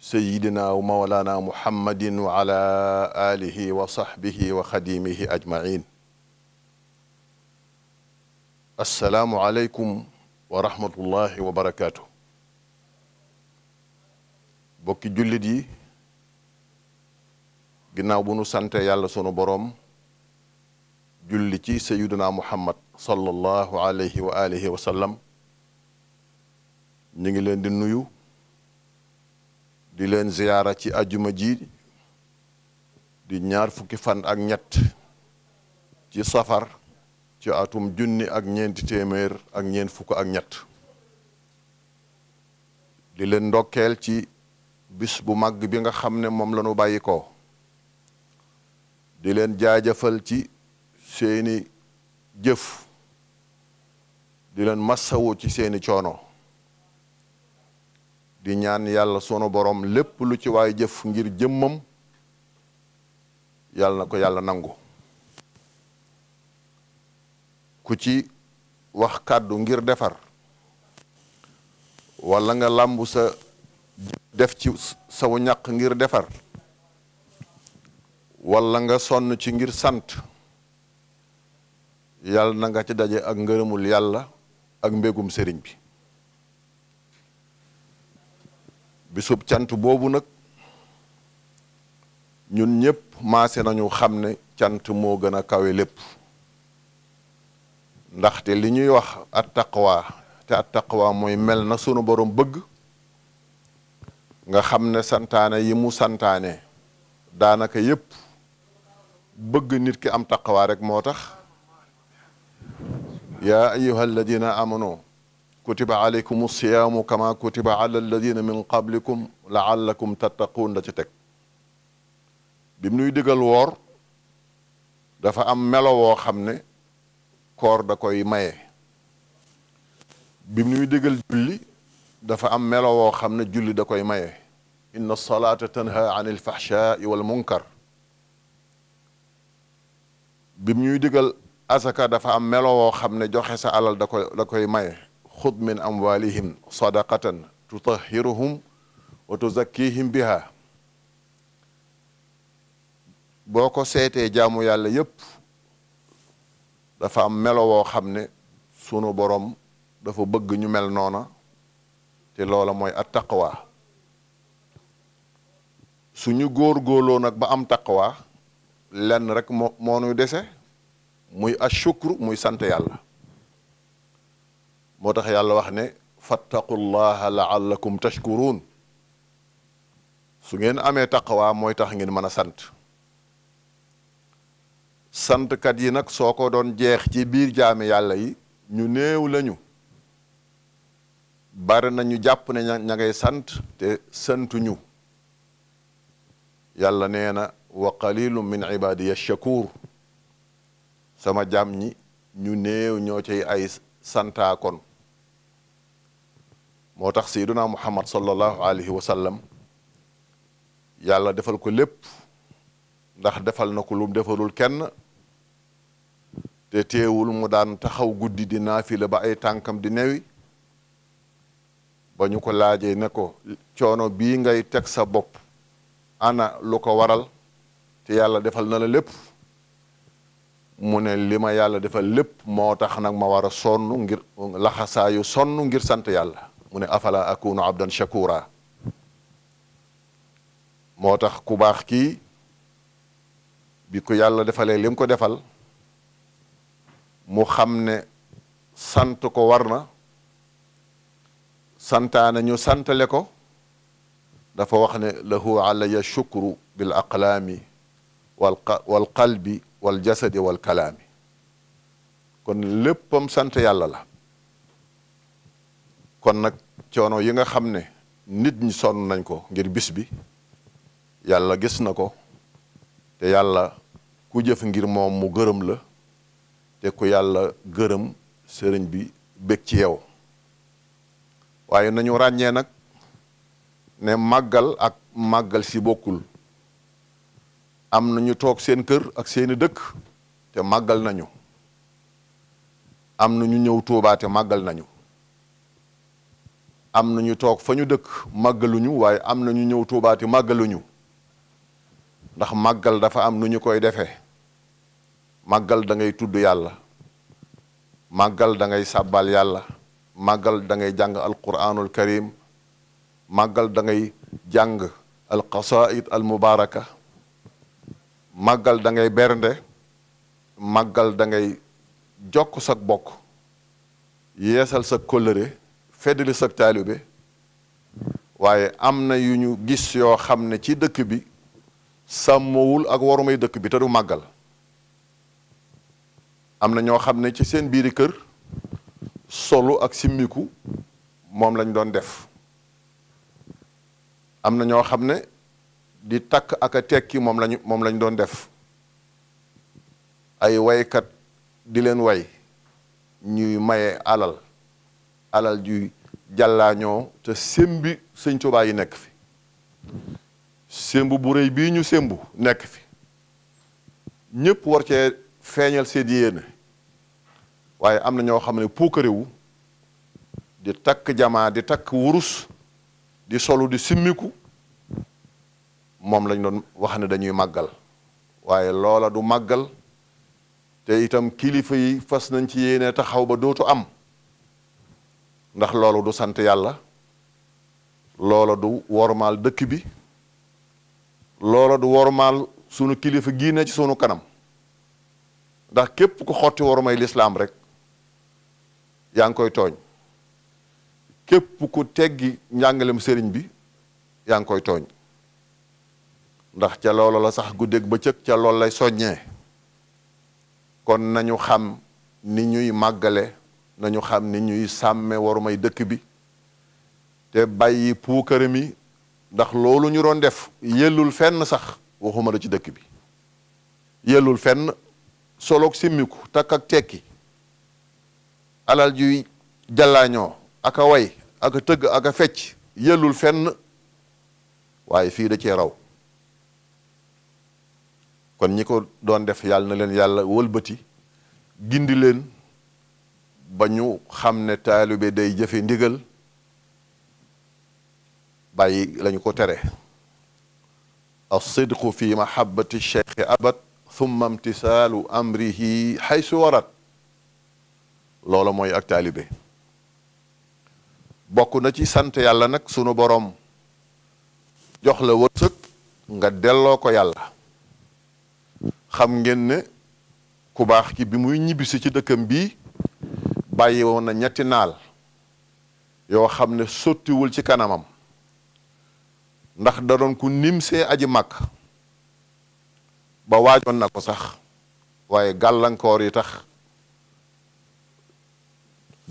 sayidina wa mawlana muhammadin wa ala alihi wa sahbihi wa xadimihi ajmain assalaamu aleykum wa rahmatullahi wa barakaatu bokki jullit yi ginnaaw bu nu sante yàlla sunu boroom julli ci sayidina muhammad sallallahu alayhi wa alihi wa sallam ñu ngi leen di nuyu di leen ziyaara ci ajuma ji di ñaar fukki fan ak ñett ci safar ci atum junni ak ñeenti téeméer ak ñeent fukk ak ñett di leen ndokkeel ci bis bu màgg bi nga xam ne moom la ñu bàyyi ko di leen jaajëfal ci seeni jëf di leen massawu ci seeni coono di ñaan yàlla sunu boroom lépp lu ci waay jëf ngir jëmmam yàlla na ko yàlla nangu ku ci wax kàddu ngir defar wala nga làmb sa def ci saw ñaq ngir defar wala nga sonn ci ngir sant yàlla na nga ci daje ak ngërëmul yàlla ak mbégum sëriñ bi bisub cant boobu nag ñun ñëpp maase nañu xam ne cant moo gën a kawe lépp ndaxte li ñuy wax at taqwa te at taqwa mooy mel na sunu borom bëgg nga xam ne santaane yi mu santaane daanaka yëpp bëgg nit ki am taqwa rek moo tax yaa ayyuha alladina amanu kutiba alaykum siyaamu kama kutiba ala alladina min qablikum laallakum tattaquun la ci teg bi mu digal woor dafa am melo woo xam ne koor da koy maye bi mu nuy digal julli dafa am melo woo xam ne julli da koy maye inna salaata tanha an alfahshaai wal munkar bi mu ñuy digal asaka dafa am melo woo xam ne joxe sa alal koy da maye xud min amwalihim sadaqatan tutahiruhum wa tuzakkihim biha boo ko seetee jaamu yàlla yépp dafa am melo woo xam ne sunu boroom dafa bëgg ñu mel noona te loola mooy at taqwa suñu góorgóorloo nag ba am taqwa lenn rek moo moo nuy dese muy ashukru muy sant yàlla moo tax yàlla wax ne fattaqullaha laallakum tashkuruun su ngeen amee taqawaa mooy tax ngeen mën a sant santkat yi nag soo ko doon jeex ci biir jaame yàlla yi ñu néew lañu bari na ñu jàpp ne ña sant te santuñu yàlla nee na wa qalilum min ibadiya shakur sama jàam ñi ñu neew ñoo ci ay santaakoon moo tax sayyiduna muhammad sallallahu alayhi wa sallam yàlla defal ko lépp ndax defal na ko lum defalul kenn te teewul mu daan taxaw guddi di naafila ba ay tànkam di newi ba ñu ko laajee ne ko coono bii ngay teg sa bopp ana lu ko waral te yàlla defal na lépp mu ne li ma yàlla defal lépp moo tax nag ma war a sonn ngir laxasaayu sonn ngir sant yàlla mu ne afala akunu abdan shakura moo tax ku baax kii bi ku yàlla defalee lim ko defal mu xam ne sant ko war na santaana ñu santale ko dafa wax ne lahu alaya shukru bil aqlaami wal wal qalbi wal jasadi wal kalaami kon léppam sant yàlla la kon nag coono yi nga xam ne nit ñi sonn nañ ko ngir bis bi yàlla gis na ko te yàlla ku jëf ngir moom mu gërëm la te ku yàlla gërëm sëriñ bi bég ci yow waaye nañu ràññee nag ne màggal ak màggal si bokkul am na ñu toog seen kër ak seeni dëkk te màggal nañu am na ñu ñëw tuubaate màggal nañu am na ñu toog fa ñu dëkk màggaluñu waaye am na ñu ñëw tuubaati màggaluñu ndax màggal dafa am nu ñu koy defee màggal dangay ngay tudd yàlla màggal dangay ngay yàlla màggal dangay jàng ngay jàng alquranul karim màggal dangay jàng jàng alqasaid al mubaraka màggal dangay ngay bernde màggal dangay jokk sa bokk yeesal sa kóllëre fedd le sag taalibe waaye am na yu ñu gis yoo xam ne ci dëkk bi sàmmowul ak warumay dëkk bi te du màggal am na ñoo xam ne ci seen biiri kër solu ak simmiku moom lañ doon def am na ñoo xam ne di takk ak a tekki moom lañ moom lañ doon def ay waykat di leen way ñuy maye alal alal ju jàllaañoo te sémbi sëñ Tuubaa nekk fi sémb bu rëy bii ñu sémbu nekk fi ñëpp war cee feeñal seen yéene waaye am na ñoo xam ne puukarewu di takk jamaa di takk wurus di solu di simmiku moom lañ doon wax ne dañuy màggal waaye loola du màggal te itam kilifa yi fas nañ ci yéene taxaw ba dootu am ndax loolu du sant yàlla loola du wormaal dëkk bi loola du wormaal sunu kilifa gii ne ci sunu kanam ndax képp ku xotti wormay lislaam rek yaa ngi koy tooñ képp ku teggi njàngalem sëriñ bi yaa ngi koy tooñ ndax ca loola la sax guddeeg bëccëg ca loolu lay soññee kon nañu xam ni ñuy màggale nañu xam ni ñuy sàmme waru dëkk bi te bàyyi puukare mi ndax loolu ñu doon def yellul fenn sax waxuma la ci dëkk bi yellul fenn soloog simmiku takk ak tekki alal juy jallaañoo ak a way ak a tëgg ak a fecc yellul fenn waaye fii da cee raw kon ñi ko doon def yàlla na leen yàlla wëlbati gindi leen ba ñu xam ne taalibe day jëfe ndigal bàyyi lañu ko tere alsidqu fi mahabati cheikhi abad thumma imtisaalu amrihi xaysu warat loola mooy ak taalibe bokk na ci sant yàlla nag sunu boroom jox la wërsëg nga delloo ko yàlla xam ngeen ne ku baax ki bi muy ñibbisi ci dëkkam bii bàyyi woon na ñetti naal yoo xam ne sottiwul ci kanamam ndax da doon ku nimsee aji màkk ba waajoon na ko sax waaye gàllankoor yi tax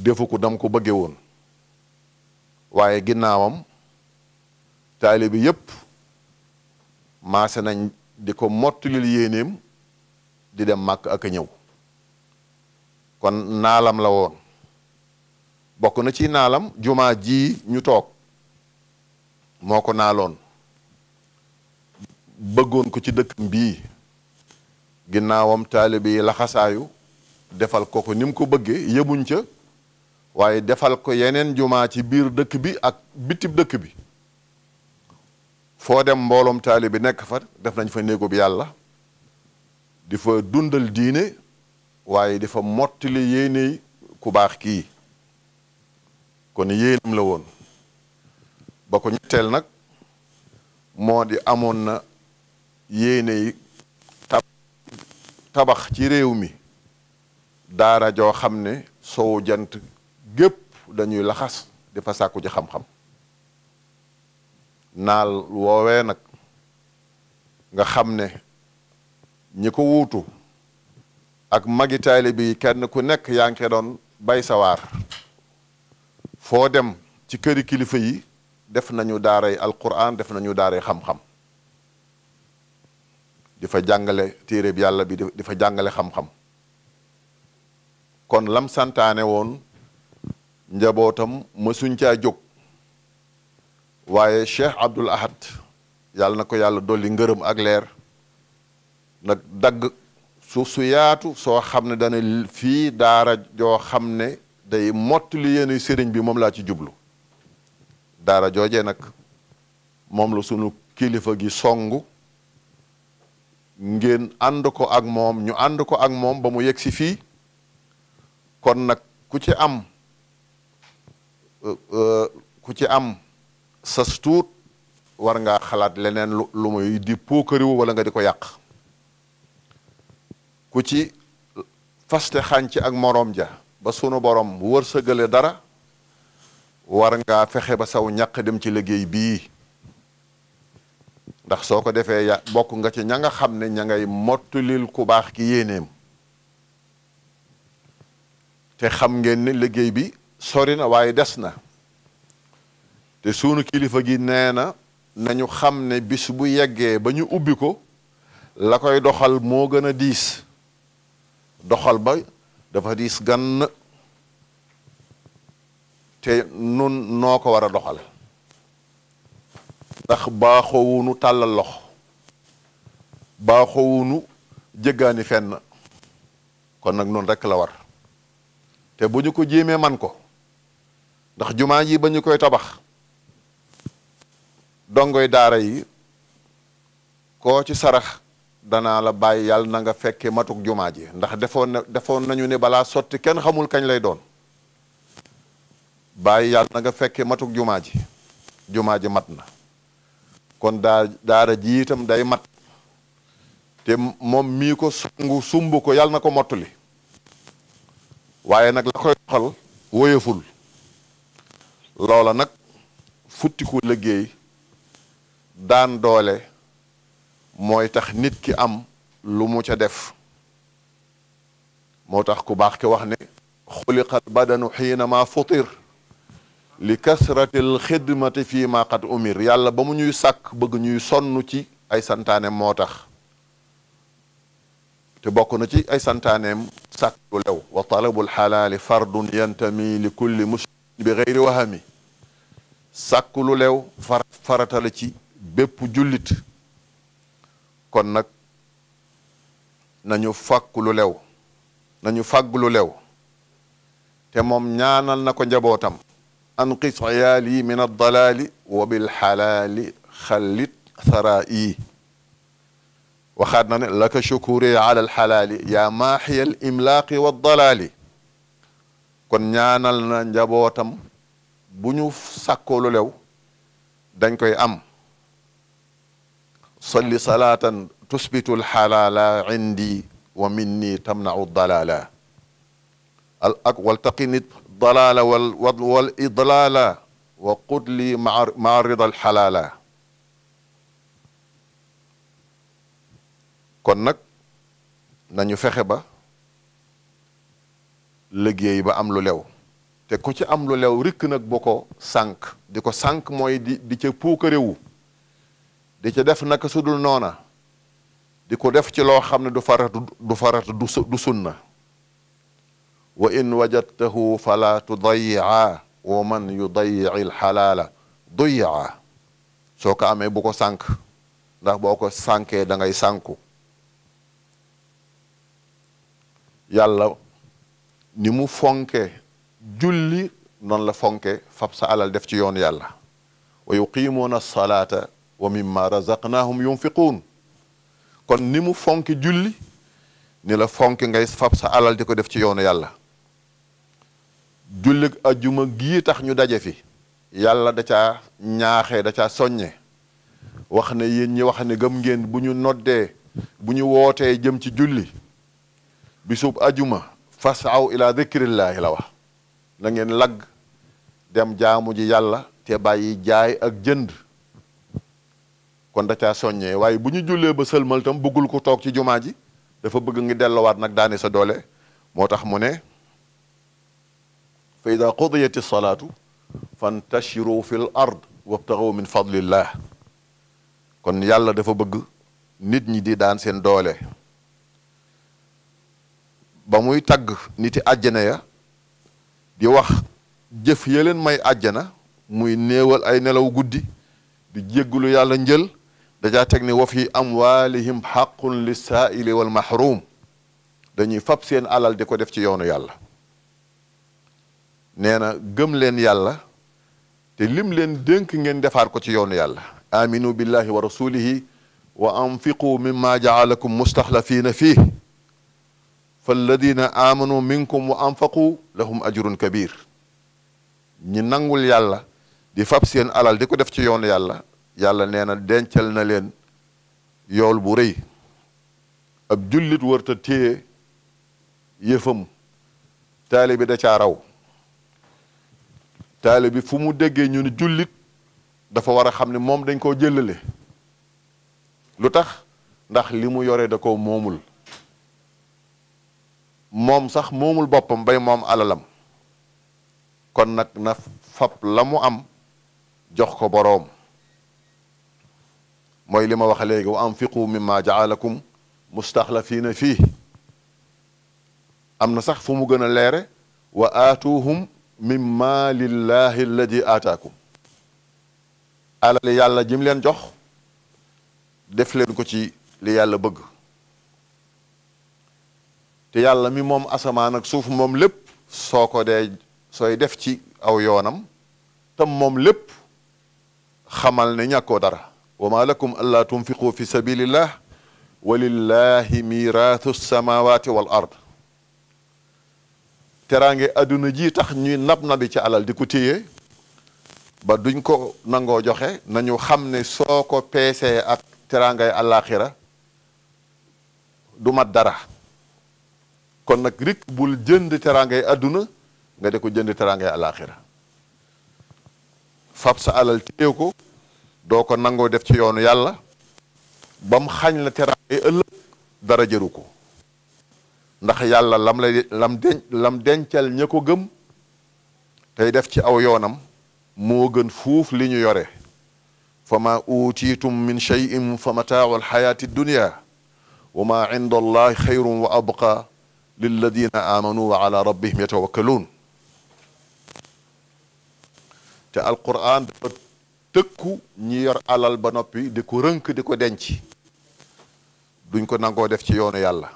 defu ko dam ko bëgge woon waaye ginnaawam taali bi yépp maase nañ di ko mottalil yéeneem di dem màkk ak a ñëw kon naalam la woon bokk na ci naalam jumaa ji ñu toog moo ko naaloon bëggoon ko ci dëkk bi ginnaawam taalibe yi laxasaayu defal ko ko ni ko bëggee yemuñ ca waaye defal ko yeneen jumaa ci biir dëkk bi ak bitib dëkk bi foo dem mbooloom taalibe bi nekk fa def nañ fa néegub yàlla di fa dundal diine waaye dafa mottali yéene ku baax kii kon yéenam la woon ba ko ñetteel nag moo di amoon na yéene tabax ci réew mi daara joo xam ne sowu jant gépp dañuy laxas dafa sàkku ci xam-xam naal woowee nag nga xam ne ñi ko wuutu ak magi taalibe yi kenn ku nekk yaa ngi doon bay sawaar foo dem ci këri kilifa yi def nañu daaray alquran def nañu daaray xam-xam di fa jàngale téere bi yàlla bi di fa jàngale xam-xam kon lam santaane woon njabootam mësuñ caa jóg waaye cheikh abdul ahad yàlla na ko yàlla dolli ngërëm ak leer nag dagg suuf su yaatu soo xam ne dana fii daara joo xam ne day mott li sëriñ bi moom laa ci jublu daara jooje nag moom la sunu kilifa gi songu ngeen ànd ko ak moom ñu ànd ko ak moom ba mu yegg si fii kon nag ku ci am euh, euh, ku ci am sas tuut war ngaa xalaat leneen lu muy di puukariwu wala nga di ko yàq ku ci faste xànc ak moroom ja ba sunu borom wër wërsëgale dara war fexe ba saw ñaq dem ci liggéey bii ndax soo ko defee ya bokk nga ci ña nga xam ne ña ngay mottulil ku baax ki yéeneem te xam ngeen ne liggéey bi sori na waaye des na te sunu kilifa gi nee na nañu xam ne bis bu yeggee ba ñu ubbi ko la koy doxal moo gën a diis doxal ba dafa diis gann te nun noo ko war a doxal ndax baaxoowunu tàllal lox baaxoowunu jéggaani fenn kon nag noonu rekk la war te bu ñu ko jéemee man ko ndax jumaa yi ba ñu koy tabax dongoy daara yi ko ci sarax danaa la bàyyi yàlla na nga fekkee matuk jumaa ndax defoon na defoon nañu ne balaa sotti kenn xamul kañ lay doon bàyyi yàlla na nga fekkee matuk jumaa ji jumaa ji mat na kon daa daara ji day mat te moom mii ko sungu sumb ko yàlla na ko mottali waaye nag la koy doxal woyeful loola nag futtiku liggéey daan doole mooy tax nit ki am lu mu ca def moo tax ku baax ki wax ne xuliqal badanu xiina ma futir li kasratil xidmati fi ma qad umir yàlla ba mu ñuy sàkk bëgg ñuy sonn ci ay santaane moo tax te bokk na ci ay santaaneem sàkk lu lew wa talabul xalaali fardun yantami li kulli muslimin bi geyri wahami sàkk lu lew far ci bépp jullit kon nag nañu fàkk lu lu lew te moom ñaanal na ko njabootam anqis iyaali min addalaali wa bilxalaali xallit tharaa'i waxaat na ne laka shukuri ala alxalaali yaa maaxiya al imlaaqi wa dalaali kon ñaanal na njabootam bu ñu sàkkoo lu lew dañ koy am salli salaatan tusbitu alxalaala indi wa minni tamnau dalala al ak waltaqini dalala wal wal idlala wa qudli maa rida alxalaala kon nag nañu fexe ba liggéey ba am lu te ku ci am lu rikk nag bu ko di ko sànq mooy di di ca puukarewu di ca def naka su dul noona di ko def ci loo xam ne du farata du farata sunna wa in wajadtahu fala tudayiaa wa man yudayici lxalaala duyiaa soo ko amee bu ko sànk ndax boo ko sànkee da ngay sànku yàlla ni mu fonke julli noonu la fonké fab saalal alal def ci yoon yàlla wa yuqimuuna salaata wa mimma razaqnahum yunfiquun kon ni mu fonki julli ni la fonki ngay fab sa alal di ko def ci yoonu yàlla jullig ajuma gii tax ñu daje fi yàlla da ca ñaaxee da ca soññe wax ne yéen ñi wax ne gëm ngeen bu ñu noddee bu ñu wootee jëm ci julli bisub ajuma fas aw ila dikrillaahi la wa na ngeen lagg dem jaamu ji yàlla te bàyyi jaay ak jënd kon da soññee waaye bu ñu jullee ba sëlmal tam bëggul ko toog ci jumaa ji dafa bëgg ngi dellowaat nag daane sa doole moo tax mu ne fa ida qudiyati salaatu fantashiru fi l ard wabtaxu min fadlillah kon yàlla dafa bëgg nit ñi di daan seen doole ba muy tagg niti àjjana ya di wax jëf ya may àjjana muy néewal ay nelaw guddi di jéggulu yàlla njël dajaa teg ni wa fi amwalihim xaqun lisaaili walmahrum dañuy fab seen alal de ko def ci yoonu yàlla nee na gëm leen yàlla te lim leen dénk ngeen defaar ko ci yoonu yàlla aminu billahi wa rasulihi wa anfiqu mimma jaalakum mustaxlafiina fii falladina amanu minkum wa anfaqu lahum ajrun kabir ñi nangul yàlla di fab seen alal de ko def ci yoonu yàlla yàlla nee na dencal na leen yool bu rëy ab jullit warta téye yëfam taali bi da caa raw taali fu mu déggee ñu ne jullit dafa war a xam ne moom dañ koo jëlale lu tax ndax li mu yoree da koo moomul moom sax moomul boppam bay moom alalam kon nag na fab la mu am jox ko boroom mooy li ma wax léegi wa anfiqu mimma jaalakum mustaxlafiina fii am na sax fu mu gën a leere wa aatuhum mimma lillahi alladi aataakum alal yàlla jim leen jox def leen ko ci li yàlla bëgg te yàlla mi moom asamaan ak suuf moom lépp soo ko dee sooy def ci aw yoonam tam moom lépp xamal ne ñàkkoo dara wa ma lakum allaa tunfiqu fi sabilillah wa lillahi mirathu samawati wal ard teraange adduna ji tax ñuy nab nabi ci alal di ko téye ba duñ ko nangoo joxe nañu xam ne soo ko peesee ak teraangay àllaaxira du mat dara kon nag rik bul jënd teraangay adduna nga de ko jënd teraangay àllaaxira fab sa alal ko doo ko nangoo def ci yoonu yàlla ba xañ la teraanga ay ëllëg dara jëru ko ndax yàlla lam lay lam den dencal ña ko gëm tey def ci aw yoonam moo gën fuuf li ñu yore fa ma utiitum min cheyin fa mataau alxayaati dunia wa ma inda allah xayrun wa abqa lilladina amanu wa ala rabbihim te alquran dafa tëkku ñi yor alal ba noppi di ko rënk di ko denc duñ ko nangoo def ci yoonu yàlla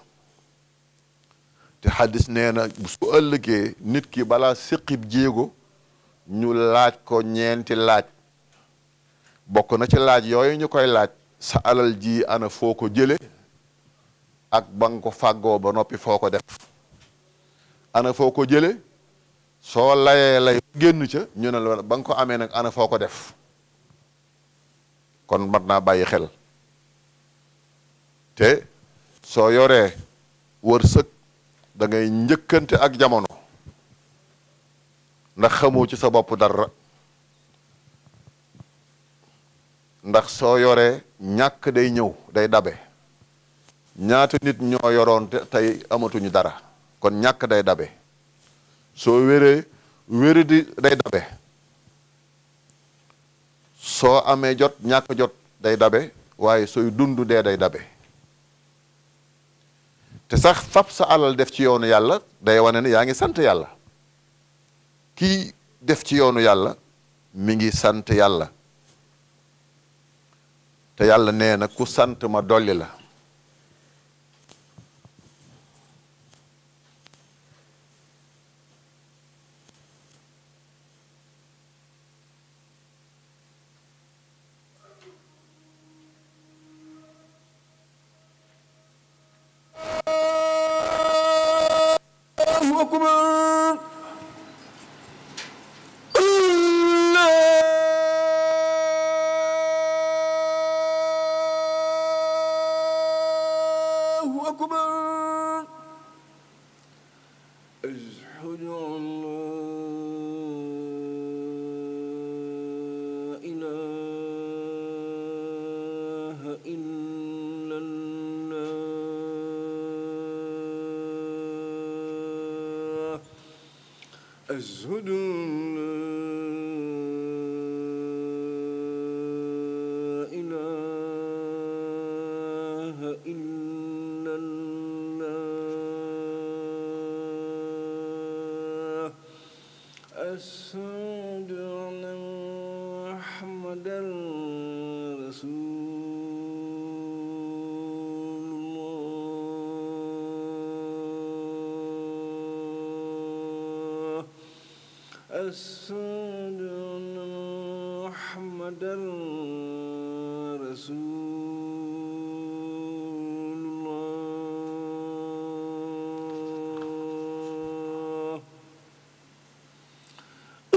te xadis nee na su ëllëgee nit ki balaa siqib jéego ñu laaj ko ñeenti laaj bokk na ci laaj yooyu ñu koy laaj sa alal ji ana foo ko jële ak ba nga ko fàggoo ba noppi foo ko def ana foo ko jële soo layee lay génn ca ñu ne la ba nga ko amee nag ana foo ko def kon mat naa bàyyi xel te soo yoree wërsëg da ngay njëkkante ak jamono ndax xamoo ci sa bopp dara ndax soo yoree ñàkk day ñëw day dabe ñaata nit ñoo yoroon te tey amatuñu dara kon ñàkk day dabe soo wéree wéri di day dabe soo amee jot ñàkk jot day dabe waaye sooy dund dee day dabe te sax fab sa alal def ci yoonu yàlla day wane ne yaa ngi sant yàlla kii def ci yoonu yàlla mi ngi sant yàlla te yàlla nee na ku sant ma dolli la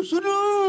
sunu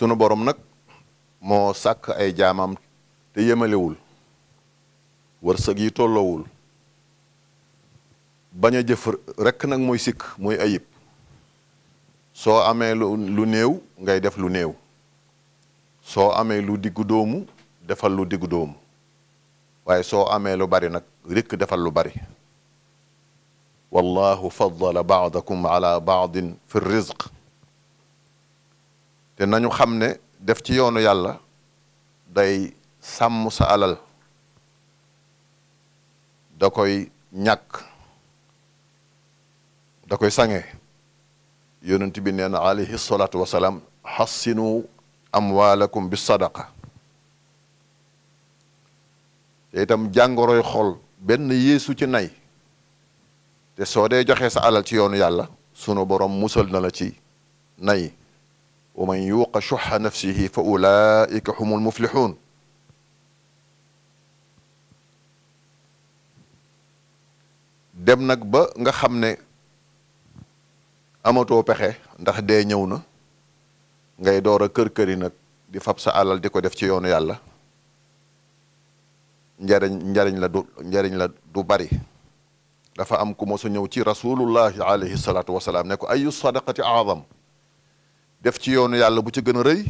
sunu boroom nag moo sàkk ay jaamam te yemalewul wërsëg yi tollowul bañ a jëf rekk nag mooy sikk mooy ayib soo amee lu néew ngay def lu néew soo amee lu diggu doomu defal lu diggu doomu waaye soo amee lu bari nag rekk defal lu bari wallahu faddala baadakum ala baadin fi rizq te nañu xam ne def ci yoonu yàlla day sàmm sa alal da koy ñàkk da koy sange yonent bi nee na alayhi salaatu am xassinu amwaalakum bi sadaqa te itam jàngoroy xol benn yéesu ci nay te soo dee joxe sa alal ci yoonu yàlla sunu borom musal na la ci nay wa man yuuqa shuxa nafsihi fa ulaika humul muflixuun dem nag ba nga xam ne amatoo pexe ndax dee ñëw na ngay door a kër-këri nag di fab sa alal di ko def ci yoonu yàlla njariñ njariñ la du njariñ la du bari dafa am ku mosu ñëw ci rasulullahi alayhi salaatu wasalaam ne ko ayu sadaqati aazam def ci yoonu yàlla bu ci gën a rëy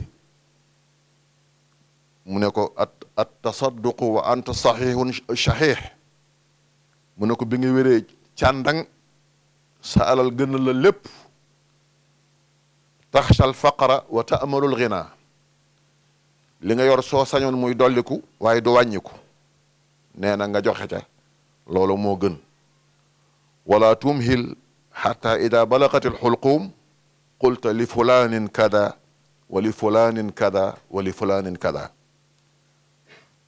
mu ne ko at at tasadduqu wa anta saxiixun saxiix mu ne ko bi nga wéree càndang sa alal gën la lépp taxshal faqara wa taamalul xinaa li nga yor soo sañoon muy dolliku waaye du wàññiku nee na nga joxe ca loolu moo gën wala tumhil xata ida balagatil xulquum qulta li fulanin kada wa li fulanin kada wa li fulanin kada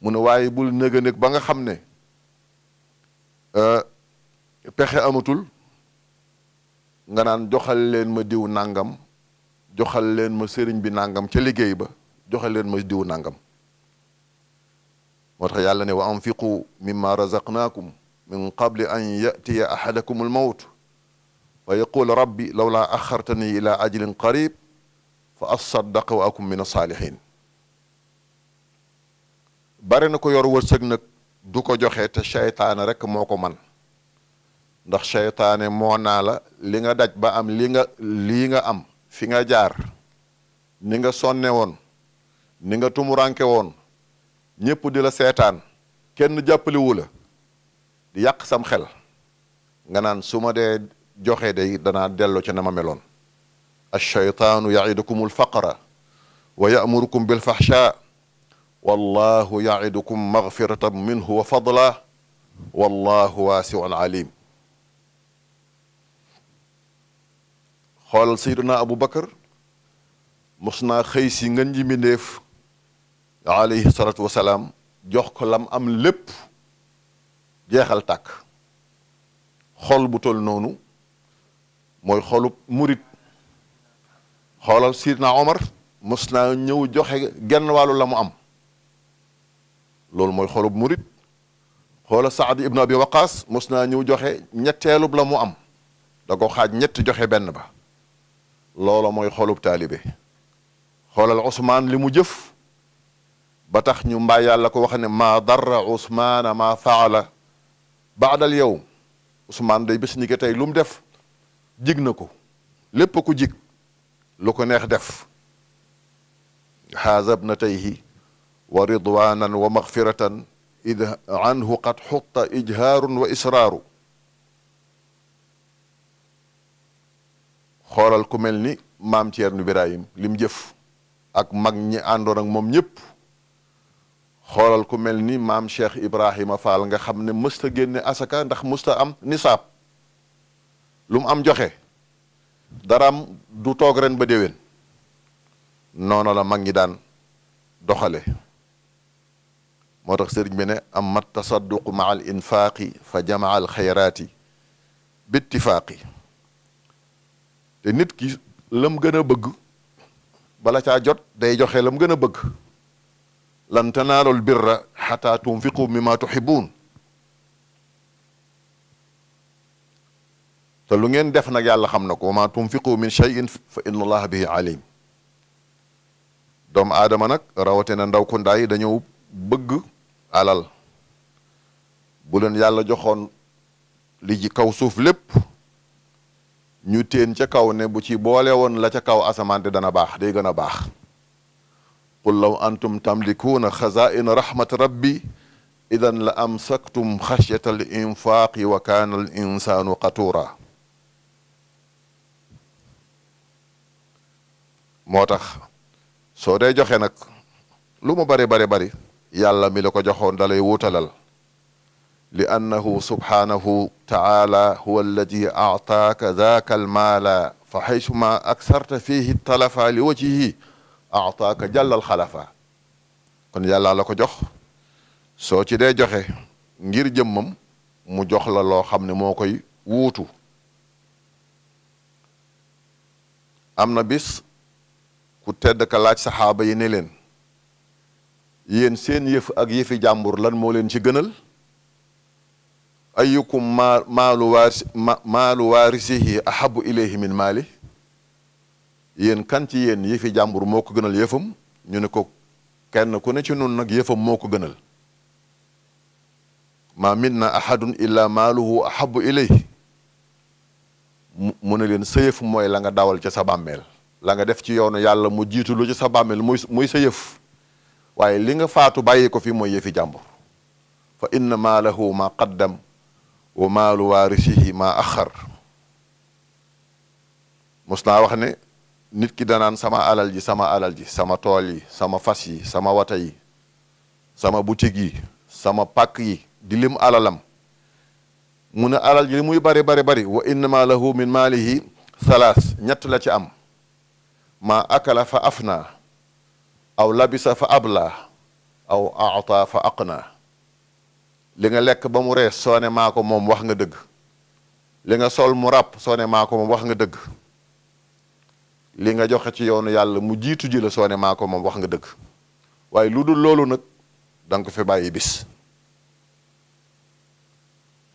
mu ne waaye bul nëg a ba nga xam ne euh, pexe amatul nga naan joxal leen ma diw nangam joxal leen ma sëriñ bi nangam ca liggéey ba joxal leen ma diw nangam moo tax yàlla ne wa anfiqu mimma razaqnaakum min qabli an yatiya ahadakum al mawt wa yaqul rabbi lawlaa axartani ila ajalin qarib fa asaddaqa wa akum min asaalihin bare na ko yor wërsëg nag du ko joxe te seytaane rek moo ko man ndax seytaane moo naa la li nga daj ba am li nga lii nga am fi nga jaar ni nga sonne woon ni nga tumuranke woon ñépp di la seetaan kenn jàppaliwu la yàq sam xel nga naan su dee joxe day danaa dello ca na ma meloon alcheytaanu yaidukum alfaqra wa yamurukum bilfaxsha minhu wa fadla wallahu waasiun alim xoolal sayduna abu bakar mos naa xëy si ngën ji mbindéef alayhi salatu wasalaam jox ko lam am lépp jeexal tàkk xol bu tol noonu mooy xolub murit xoolal Sidna Omar mos naa ñëw joxe genn wàllu la mu am loolu mooy xolub murit xoolal Saad ibnu Abi Waqaas mos naa ñëw joxe ñetteelub la mu am da xaaj ñetti joxe benn ba loola mooy xolub taalibe xoolal Ousmane li mu jëf ba tax ñu mbaa yàlla ko wax ne ma darra Ousmane maa faala baadal yow Ousmane day bés ni tey lu mu def jig na ko lépp ku jig lu ko neex def xaazab na tayhi wa ridwanan wa maxfiratan id anhu qad xutta ijhaarun wa israaru xoolal ku mel ni maam Ceerno Birahim lim jëf ak mag ñi àndoon ak moom ñëpp xoolal ko mel ni maam Cheikh Ibrahima Fall nga xam ne mësta génne asaka ndax mësta am nisaab lu am joxe daraam du toog ren ba déwén noonu la mag ñi daan doxale moo tax sëriñ bi ne amma tasadduqu ma al fa jamaa al xayraati bittifaaqi nit ki lam gën a bëgg bala ca jot day joxe lam gën a bëgg lan tanaalul birra xataa tunfiqu mimma tuxibuun te lu ngeen def nag yàlla xam na ko ma tunfiqu min shay'in fa inna allaha bihi alim doomu aadama nag rawate na ndaw ko ndaay dañoo bëgg alal bu leen yàlla joxoon li ji kaw suuf lépp ñu téen ca kaw ne bu ci boole woon la ca kaw asamaan te dana baax day gën a baax qul law antum tamlikuuna xazaa'ina rahmat rabbi idan la amsaktum xashyata al infaaqi wa kaana al insaanu qatuura moo tax soo dee joxe nag lu mu bari bari bari yàlla mi la ko joxoon dalay wuutalal li annahu subhaanahu taala huwa alladi aataaka daaka almaala fa xaysuma aksarta fihi talafa li wajihi aataaka jàllal xalafa kon yàlla la ko jox soo ci dee joxe ngir jëmmam mu jox la loo xam ne moo koy wuutu am na bis ku tedd ka laaj saxaaba yi ne leen yéen seen yëf ak yëfi jàmbur lan moo leen ci gënal ayyukum maa maalu waaris maalu waarisihi ahabu min maali yéen kan ci yéen yëfi jàmbur moo ko gënal yëfam ñu ne ko kenn ku ne ci nun nag yëfam moo ko gënal maa minna ahadun illa maaluhu ahabu ilayhi mu ne leen sa mooy la nga dawal ca sa bàmmeel la nga def ci yoon yàlla mu jiitu lu ci sa bàmmeel muy muy sa yëf waaye li nga faatu bàyyi ko fi mooy yëfi jàmbur fa inna maalahu ma qaddam wa maalu waarisihi ma axar mos naa wax ne nit ki danaan sama alal ji sama alal ji sama tool yi sama fas yi sama wata yi sama boutique yi sama pak yi di lim alalam mu ne alal ji li muy bari bari bari wa innama lahu min maalihi salaas ñett la ci am maa akala fa afna aw labisa fa abla aw aata fa aqna li nga lekk ba mu rees soone maako moom wax nga dëgg li nga sol mu ràpp soo ne maa wax nga dëgg li nga joxe ci yoonu yàlla mu jiitu ji la soo ne moom wax nga dëgg waaye lu dul loolu nag danga ko fi bàyyi bis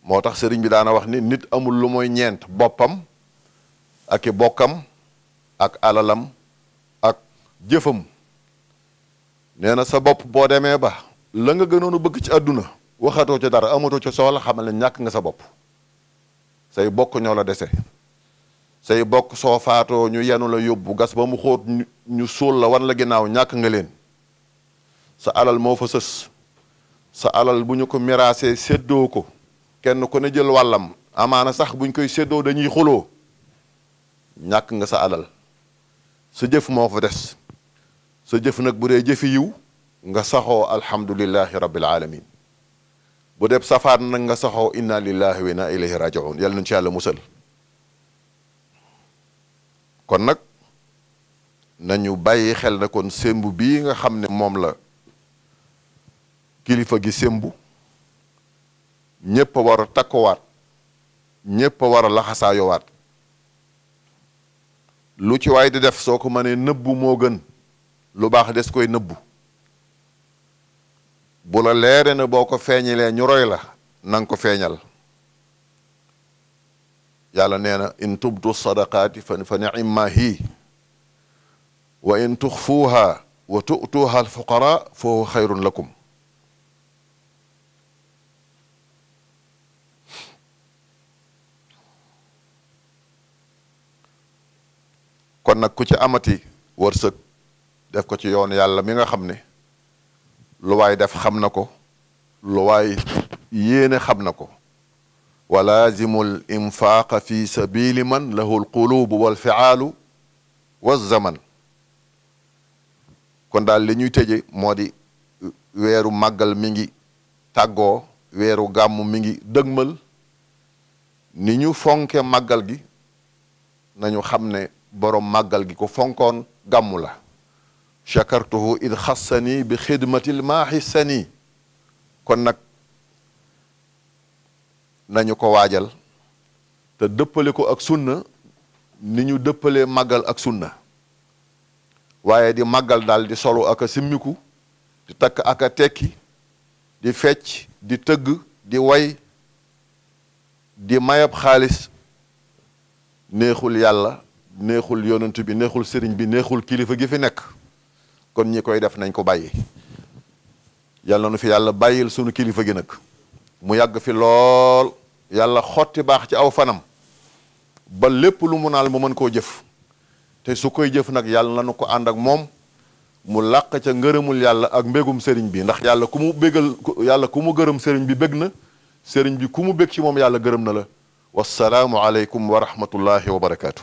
moo tax sëriñ bi daana wax ni nit amul lu mooy ñeent boppam ak i bokkam ak alalam jëfam nee na sa bopp boo demee ba la nga gënoon a bëgg ci àdduna waxatoo ca dara amatoo ca soxla xamal ne ñàkk nga sa bopp say bokk ñoo la dese say bokk soo faatoo ñu yenu la yóbbu gas ba mu xóot ñu suul la wan la ginnaaw ñàkk nga leen sa alal moo fa sës sa alal bu ñu ko miraasee séddoo ko kenn ku ne jël wàllam amaana sax buñ koy séddoo dañuy xuloo ñàkk nga sa alal sa jëf moo fa des sa jëf nag bu dee jëfi yiw nga saxoo alhamdulilahi rabbil alamin bu dee safaan nag nga saxoo inna lillahi wa inna ilayhi rajiun yàlla nañu ci yàlla musal kon nag nañu bàyyi xel na kon sémbu bii nga xam ne moom la kilifa gi sémbu ñépp a war a takkuwaat ñépp a war lu ci waay di def soo ko mënee nëbbu moo gën lu baax des koy nëbbu bula leere ne boo ko feeñalee ñu la na ko feeñal yàlla nee na in tubdu sadaqaati fa fa ni'imma wa in tuxfuuha wa tu'tuuha alfuqara fa huwa xayrun lakum kon nag ku ci amati wërsëg def ko ci yoon yàlla mi nga xam ne lu waay def xam na ko lu waay yéene xam na ko wa laazimu l infaaqa fi sabili man lahu l qulubu walfiaalu wazaman kon daal li ñuy tëje moo di weeru màggal mi ngi tàggoo weeru gàmm mi ngi dëgmal ni ñu fonke màggal gi nañu xam ne boroom màggal gi ko fonkoon gàmmu la chakartuhu id xassani bi xidmatil maaxissani kon nag nañu ko waajal te dëppale ko ak sunna ni ñu dëppalee màggal ak sunna waaye di màggal daal di solu ak a simmiku di takk ak a tekki di fecc di tëgg di way di mayab xaalis neexul yàlla neexul yonent bi neexul sëriñ bi neexul kilifa gi fi nekk kon ñi koy def nañ ko bàyyi yàlla nu fi yàlla bàyyil sunu kilifa gi nag mu yàgg fi lool yàlla xotti baax ci aw fanam ba lépp lu mu naal mu mën koo jëf te su koy jëf nag yàlla na nu ko ànd ak moom mu làq ca ngërëmul yàlla ak mbégum sëriñ bi ndax yàlla ku mu bégal ku mu gërëm sëriñ bi bég na sëriñ bi ku mu bég ci moom yàlla gërëm na la wasalaamu aleykum wa rahmatullahi wa barakaatu.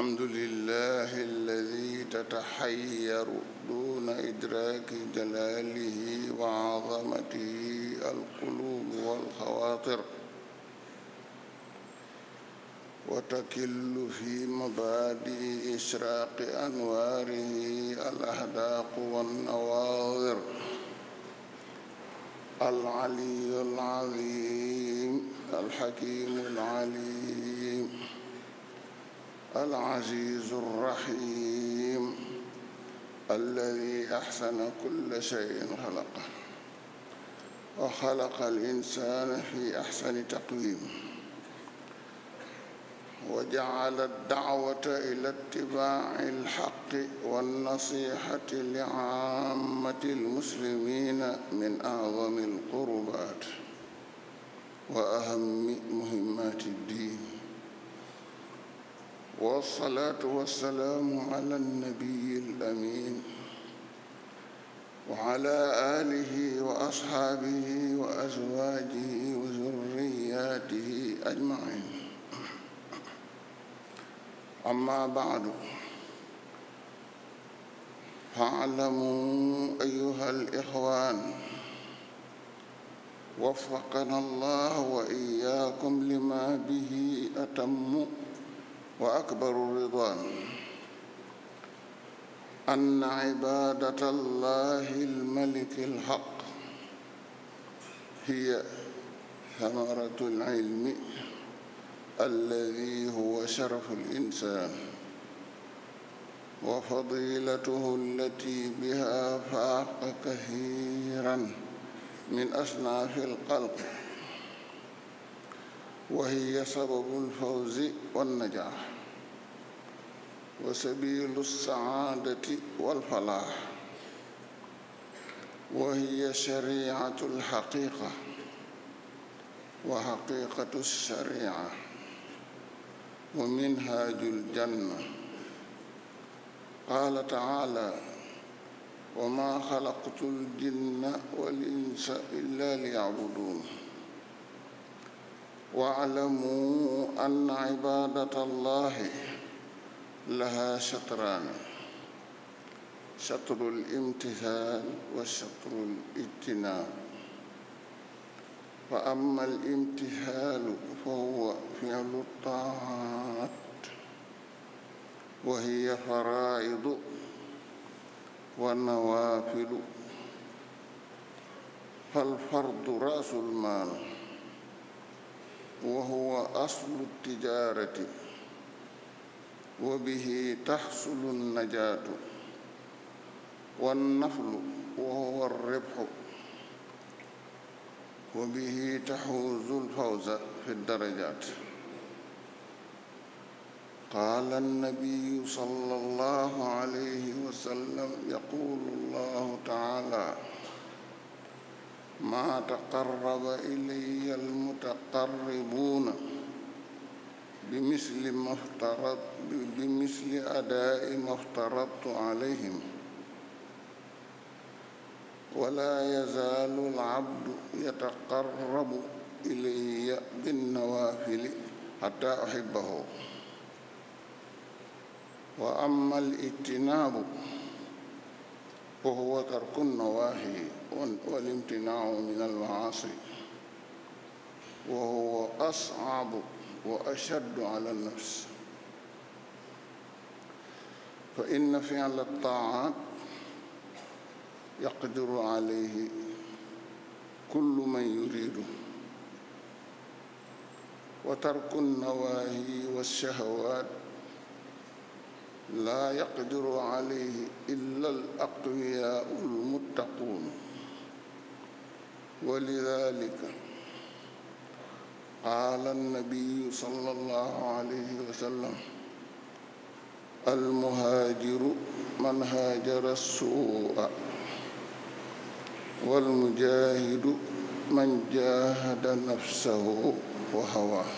الحمد لله الذي تتحير دون إدراك جلاله وعظمته القلوب والخواطر وتكل في مبادئ إشراق أنواره الأهداق والنواظر العلي العظيم الحكيم العليم العزيز الرحيم الذي أحسن كل شيء خلقه وخلق الإنسان في أحسن تقويم وجعل الدعوة إلى اتباع الحق والنصيحة لعامة المسلمين من أعظم القربات وأهم مهمات الدين والصلاة والسلام على النبي الأمين وعلى آله وأصحابه وأزواجه وذرياته أجمعين أما بعد فاعلموا أيها الإخوان وفقنا الله وإياكم لما به أتم وأكبر الرضوان أن عبادة الله الملك الحق هي ثمرة العلم الذي هو شرف الإنسان وفضيلته التي بها فاق كثيرا من أصناف القلق وهي سبب الفوز والنجاح wa sabilu saadati walfalaax wa hiya shariatu alxaqiqa wa xaqiqatu sharia wa minhaaju ljanna qaala taala wa maa xalaqtu ljinna wal insa illa liyacbuduun wa aclamuu anna cibaadata allahi لها شطران شطر الامتثال وشطر الاجتناب وأما الامتثال فهو فعل الطاعات وهي فرائض والنوافل فالفرض رأس المال وهو أصل التجارة wa bihi taxsulu najaatu wannaflu wa huwa ribxu wa bihi taxuuzu lfawza fi darajaat qaala annabiyu sala allahu alayhi wasallam yaquulu allahu taala maa taqarraba ilaya almutaqarribuuna بمثل ما افترض بمثل أداء ما افترضت عليهم ولا يزال العبد يتقرب إلي بالنوافل حتى أحبه وأما الاجتناب وهو ترك النواهي والامتناع من المعاصي وهو أصعب وأشد على النفس فإن فعل الطاعات يقدر عليه كل من يريده وترك النواهي والشهوات لا يقدر عليه إلا الأقوياء المتقون ولذلك قال النبي صلى الله عليه وسلم المهاجر من هاجر السوء والمجاهد من جاهد نفسه وهواه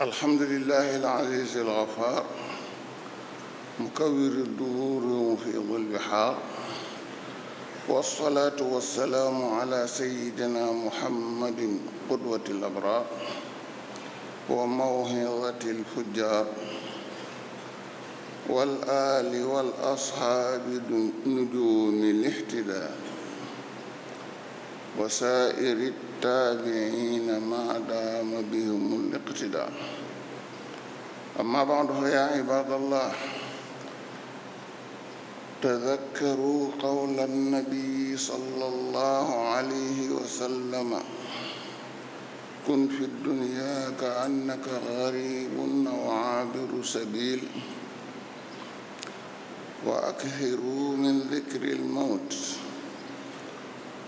alhamdulillahi al-aziz al-ghaffar mukawwir ad-duhur wa mufiid al-bihar wassalaatu wassalaamu ala sayyidina muhammadin qudwati al-abrar wa mawhidati al-fujjar wal aali wal ashaabi nujuumi al-ihtidaa wa saa'iri taabi'iina maa daama bihimul iqtidaa amma ba'du fa yaa ibaadallah tadakkaruu qawla nnabii sallallahu alayhi wa sallam kun fi dunyaa ka'annaka gariibun aw aabiru sabiil wa akthiruu min dikril mawt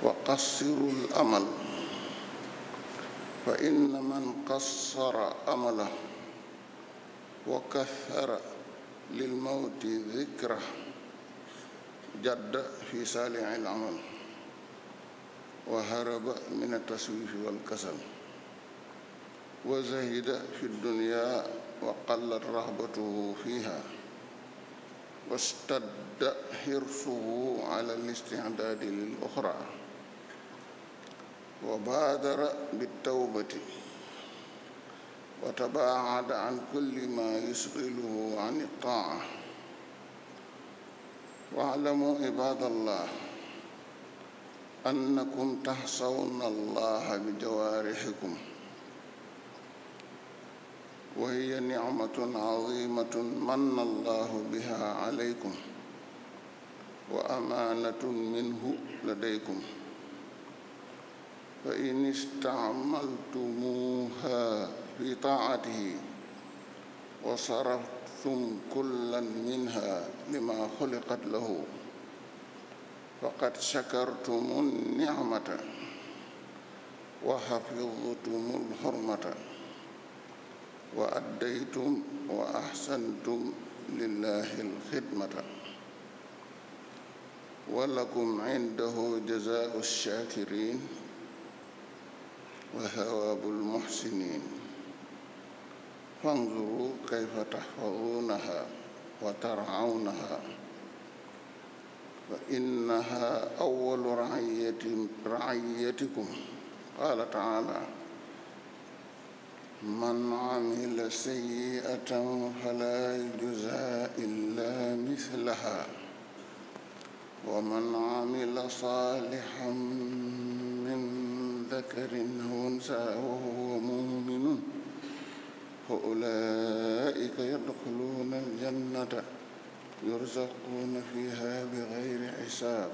وقصروا الأمل فإن من قصر أمله وكثر للموت ذكره جد في سالع العمل وهرب من التسويف والكسل وزهد في الدنيا وقلت رهبته فيها واشتد حرصه على الاستعداد للأخرى wa baadara bitawbati wa tabaacada can kulli maa yusqiluhu can ittaaca waclamuu cibaadallah annakum taxsawna allaha bijawaarixikum wa hiya nicmatun cazimatun manna allahu biha calaykum wa amaanatun minhu ladaykum fa in istaamaltumuha fi taatihi wa saraftum kullan minha lima xuliqat lahu faqad shakartumu nicmata wa xafidtumu lxurmata wa addaytum wa axsantum lillahi lxidmata wa lakum cindahu jazaau shakirin wa sawaabul muhsiniin fanzuru kayfa tahfazuunaha wa tar'awnaha fa innaha awwalu ra'iyatikum qaala ta'aalaa man amila sayyi'atan falaa yujzaa illaa mislahaa wa man amila saalihan ذكر أو أنثى وهو مؤمن فأولئك يدخلون الجنة يرزقون فيها بغير حساب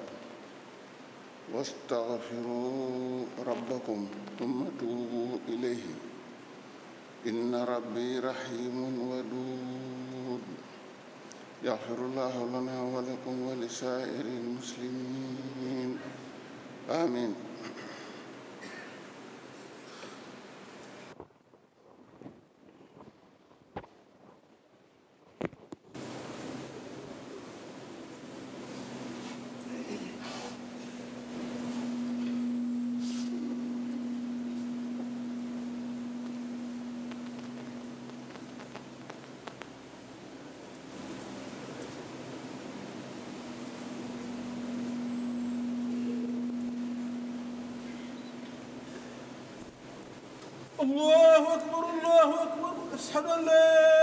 واستغفروا ربكم ثم توبوا إليه إن ربي رحيم ودود يغفر الله لنا ولكم ولسائر المسلمين آمين أشهد أن لا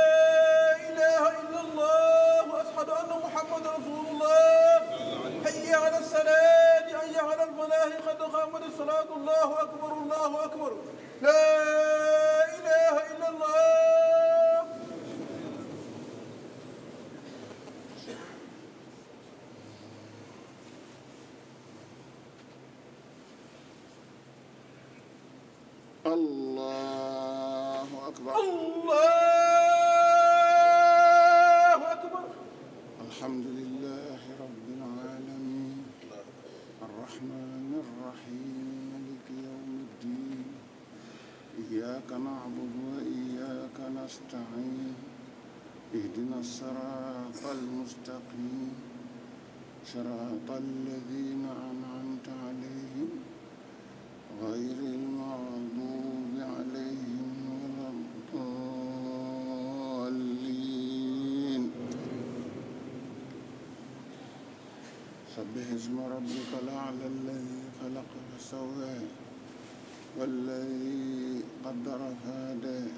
إله إلا الله وأشهد أن محمدا رسول الله حي على الصلاة حي على الفلاح قد قامت الصلاة الله أكبر الله أكبر اسم ربك الأعلى الذي خلق فسواه والذي قدر فهداه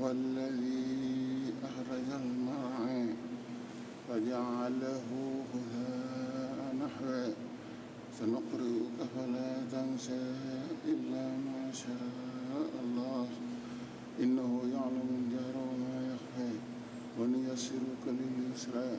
والذي أخرج المرعى فجعله هداء نحوه سنقرئك فلا تنسى إلا ما شاء الله إنه يعلم الجهر وما يخفى ونيسرك لليسرى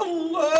الله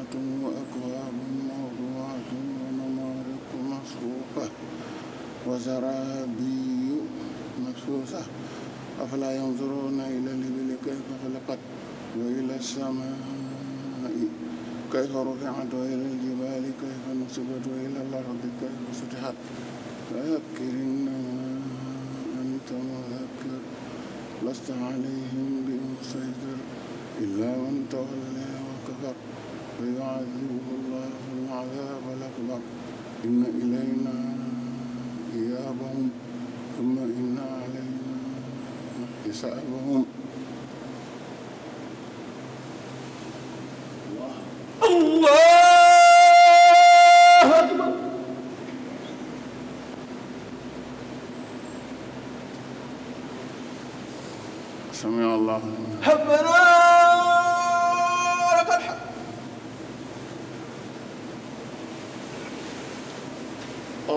مرفوعة وأكواب موضوعة ونمارق مصفوفة وزرابي مبثوثة أفلا ينظرون إلى الإبل كيف خلقت وإلى السماء كيف رفعت وإلى الجبال كيف نصبت وإلى الأرض كيف سطحت فذكر إنما أنت مذكر لست عليهم بمسيطر إلا من تولى وكفر فيعذبه الله العذاب الأكبر إن إلينا إيابهم ثم إن علينا حسابهم سمع الله ربنا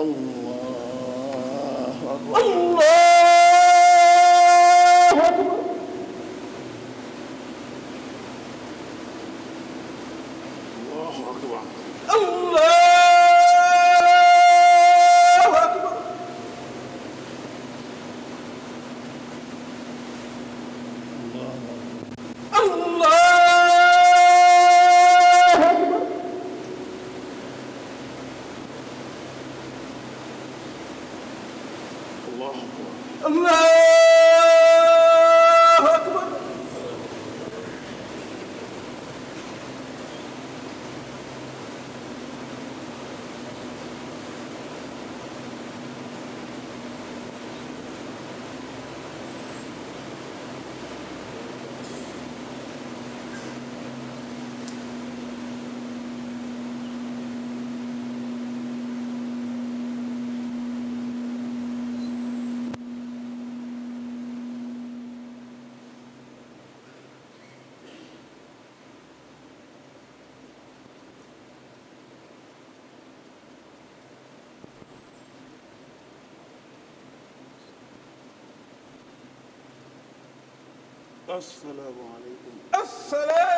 الله asalaamaaleykum. asalaamaaleykum.